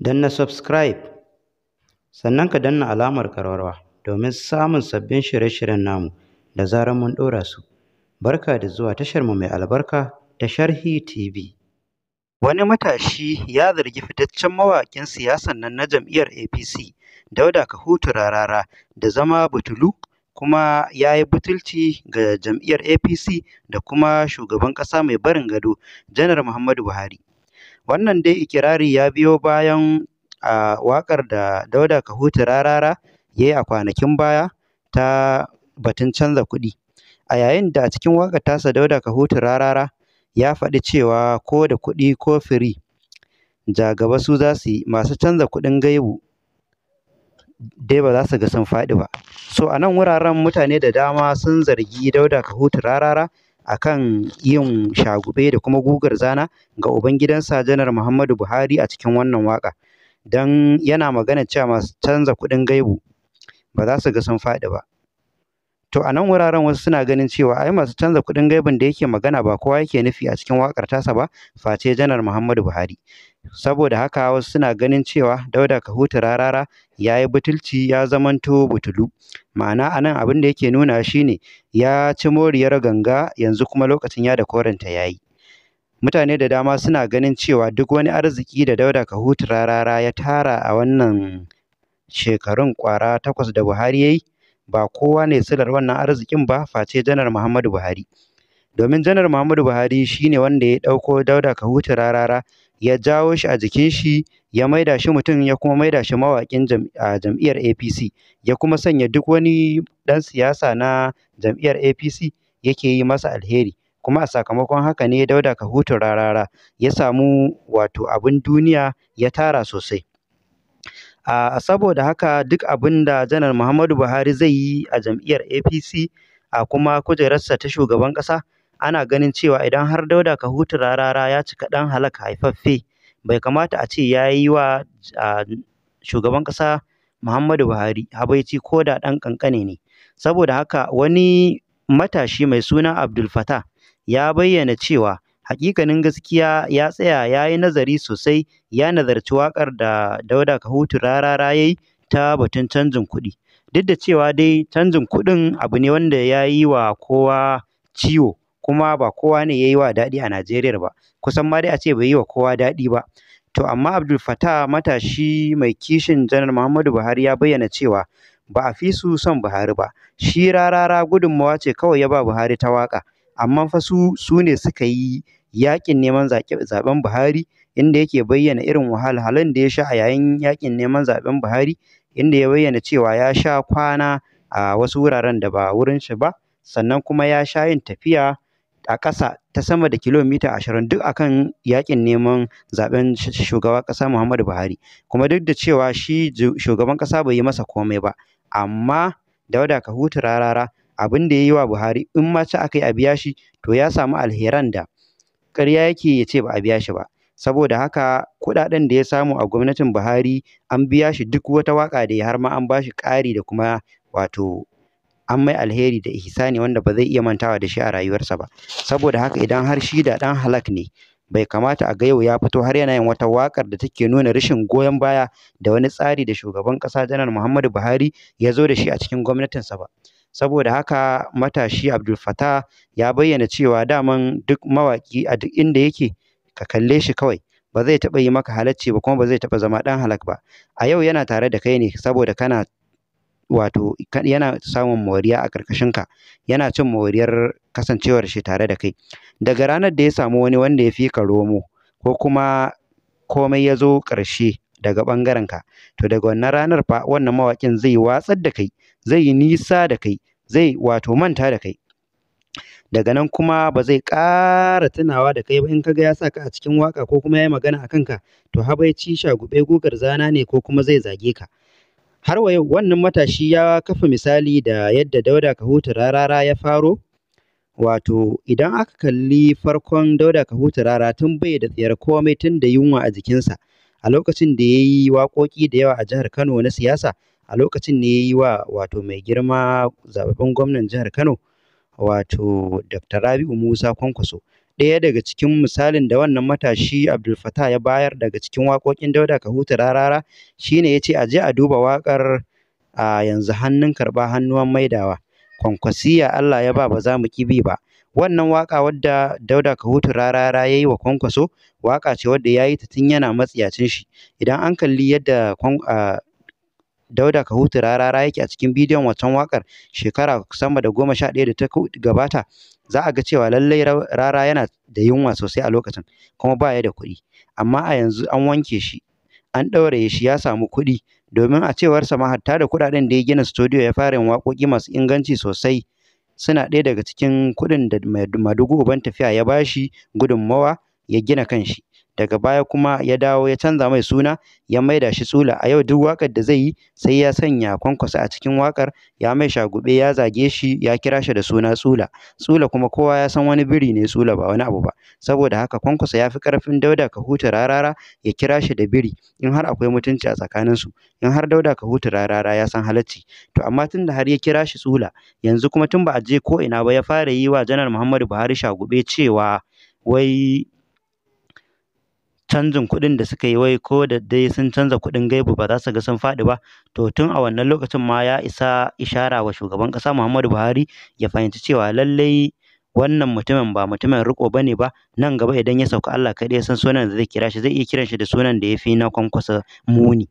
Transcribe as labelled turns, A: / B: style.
A: na subscribe sannan ka danna alamar karwarwa domin samun sabbin shirye-shiryen namu da zarar mun ɗora su. Barka da zuwa tashar mu mai albarka ta Sharhi TV. Wani matashi ya zargi fitaccen mawaƙin siyasan nan na jam'iyyar APC Dauda Kahutu Rarara da zama butulu kuma ya yi butulci ga jam'iyyar APC da kuma shugaban ƙasa mai barin gado Janar Muhammadu Buhari. Wannan dai ikirari ya biyo bayan a waƙar da Dauda Kahutu Rarara ya yi a kwanakin baya ta batun canza kuɗi. A yayin da a cikin waƙar tasa Dauda Kahutu Rarara ya faɗi cewa ko da kuɗi ko firi, ja gaba su za su yi, masu canza kuɗin gaibu dai ba za su ga sun faɗi ba. So a nan wuraren mutane da dama sun zargi Dauda Kahutu Rarara akan yin shagube da kuma gugar zana ga ubangidansa janar Muhammadu Buhari a cikin wannan waka, don yana magana cewa masu canza kuɗin gaibu ba za su ga sun faɗi ba. To a nan wuraren wasu suna ganin cewa ai masu canza kuɗin gaibin da yake magana ba kowa yake nufi a cikin waƙar tasa ba face Janar Muhammadu Buhari. Saboda haka wasu suna ganin cewa Dauda Kahutu Rarara ya yi butulci ya zamanto butulu. Ma'ana a nan abin da yake nuna shi ne ya ci moriyar ganga yanzu kuma lokacin ya da koranta ya yi. Mutane da dama suna ganin cewa duk wani arziki da Dauda Kahutu Rarara ya tara a wannan shekarun ƙwara takwas da Buhari ya yi ba kowa ne silar wannan arzikin ba face Janar Muhammadu Buhari. Domin Janar Muhammadu Buhari shi ne wanda ya ɗauko Dauda Kahutu rarara, ya jawo shi a jikin shi, ya maida shi mutum, ya kuma maida shi mawaƙin jam'iyyar APC, ya kuma sanya duk wani ɗan siyasa na jam'iyyar APC yake yi masa alheri. Kuma a sakamakon haka ne Dauda Kahutu rarara ya samu wato abin duniya ya tara sosai. saboda haka duk abin da janar muhammadu buhari zai yi a jam'iyyar apc a kuma kujerarsa ta shugaban ƙasa ana ganin cewa idan har dauda ka kahutu rarara ya cika ɗan halak haifaffe bai kamata a ce ya yi wa shugaban ƙasa muhammadu buhari habaici ko da ɗan ƙanƙane ne saboda haka wani matashi mai suna abdul fatah ya bayyana cewa Hakikanin gaskiya ya tsaya ya yi nazari sosai, ya nazarci waƙar da Dauda Kahutu Rarara ya yi ta batun canjin kuɗi. Duk da cewa dai canjin kuɗin abu ne wanda ya yi wa kowa ciwo, kuma ba kowa ne ya yi wa daɗi a Najeriyar ba, kusan ma dai a ce bai yi wa kowa daɗi ba. To amma Abdul Fattah matashi mai kishin Janar Muhammadu Buhari ya bayyana cewa ba a fi su son Buhari ba, shi Rarara gudunmawa ce kawai ya ba Buhari ta waƙa, amma fa su ne suka yi yaƙin neman zaɓen Buhari inda yake bayyana irin wahalhalun da ya sha a yayin yaƙin neman zaɓen Buhari inda ya bayyana cewa ya sha kwana a wasu wuraren da ba wurin shi ba sannan kuma ya sha yin tafiya a ƙasa ta sama da kilomita ashirin duk akan kan yaƙin neman zaɓen shugaban ƙasa Muhammadu Buhari kuma duk da cewa shi shugaban ƙasa bai yi masa komai ba amma Dauda hutu Rarara abin da ya yi wa Buhari in ma ci aka yi a biya shi to ya samu alheran da ƙarya yake ya ce ba a biya shi ba. Saboda haka kuɗaɗen da ya samu a gwamnatin Buhari an biya shi duk wata waƙa da ya yi har ma an ba shi ƙari da kuma wato an mai alheri da ihsani wanda ba zai iya mantawa da shi a rayuwarsa ba. Saboda haka idan har shi da ɗan halak ne bai kamata a ga yau ya fito har yana yin wata waƙar da take nuna rashin goyon baya da wani tsari da shugaban ƙasa Janar Muhammadu Buhari ya zo da shi a cikin gwamnatinsa ba. Saboda haka matashi Abdul Fattah ya bayyana cewa daman duk mawaƙi a duk inda yake, ka kalle shi kawai, ba zai taɓa yi maka halacci ba kuma ba zai taɓa zama dan halak ba. A yau yana tare da kai ne saboda kana wato yana samun moriya a ka, yana cin moriyar kasancewar shi tare da kai. Daga ranar da ya samu wani wanda ya fi ka romo ko kuma komai ya zo ƙarshe daga ɓangarenka to daga wannan ranar fa wannan mawaƙin zai watsar da kai zai yi nisa da kai zai wato manta da kai daga nan kuma ba zai ƙara tunawa da kai ba in ka kaga ya sa ka a cikin waƙa ko kuma ya yi magana a kanka to habaici shagube gugar zana ne ko kuma zai zage ka har wa yau wannan matashi ya kafa misali da yadda dauda kahuta rarara ya faro wato idan aka kalli farkon dauda kahuta rara tun bai da tsayar komai tun da yunwa a jikinsa a lokacin da ya yi waƙoƙi da yawa a jihar Kano na siyasa, a lokacin da ya yi wa wato mai girma zaɓaɓɓen gwamnan jihar Kano wato Dr. Rabi'u Musa Kwankwaso. Ɗaya daga cikin misalin da wannan matashi Abdul ya bayar daga cikin waƙoƙin Dauda Kahuta Rarara shi ne ya ce a je a duba waƙar a yanzu hannun karɓa hannuwan maidawa. kwankwasiya Allah ya ba ba za mu ƙi bi ba. Wannan waƙa wadda Dauda Kahutu Rarara ya yi wa Kwankwaso, waƙa ce wadda ya yi ta tun yana matsiyacin shi. Idan an kalli yadda Dauda Kahutu Rarara yake a cikin bidiyon waccan waƙar shekara sama da goma sha ɗaya da ta gabata, za a ga cewa lallai rara yana da yunwa sosai a lokacin, kuma ba ya da kuɗi. Amma a yanzu an wanke shi, an ɗauraye shi ya samu kuɗi, domin a cewarsa ma hatta da kuɗaɗen da ya gina sutudiyo ya fara yin waƙoƙi masu inganci sosai. suna ɗaya daga cikin kuɗin da Madugu uban tafiya ya ba shi gudunmawa ya gina kanshi. Daga baya kuma ya dawo ya canza mai suna ya maida shi tsula. A yau duk wakar da zai yi sai ya sanya kwankwasa a cikin wakar ya mai shagube, ya zage shi, ya kira shi da suna Tsula. Tsula kuma kowa ya san wani biri ne tsula ba wani abu ba. Saboda haka kwankwasa ya fi karfin Dauda ka huta, Rarara ya kira shi da biri in har akwai mutunci a su in har Dauda ka huta, Rarara ya san halacci. To amma tun da har ya kira shi Tsula, yanzu kuma tun ba a je ko ina ba ya fara yi wa Janar Muhammadu Buhari shagube cewa wai… canjin kuɗin da suka yi wai ko da dai sun canza kuɗin gaibu ba za su ga sun faɗi ba to tun a wannan lokacin ma ya isa ishara wa shugaban ƙasa Muhammadu Buhari ya fahimci cewa lallai wannan mutumin ba mutumin riƙo ba ne ba nan gaba idan ya sauka Allah kaɗai ya san sunan da zai kira shi zai iya kiran shi da sunan da ya fi na kwankwasa muni.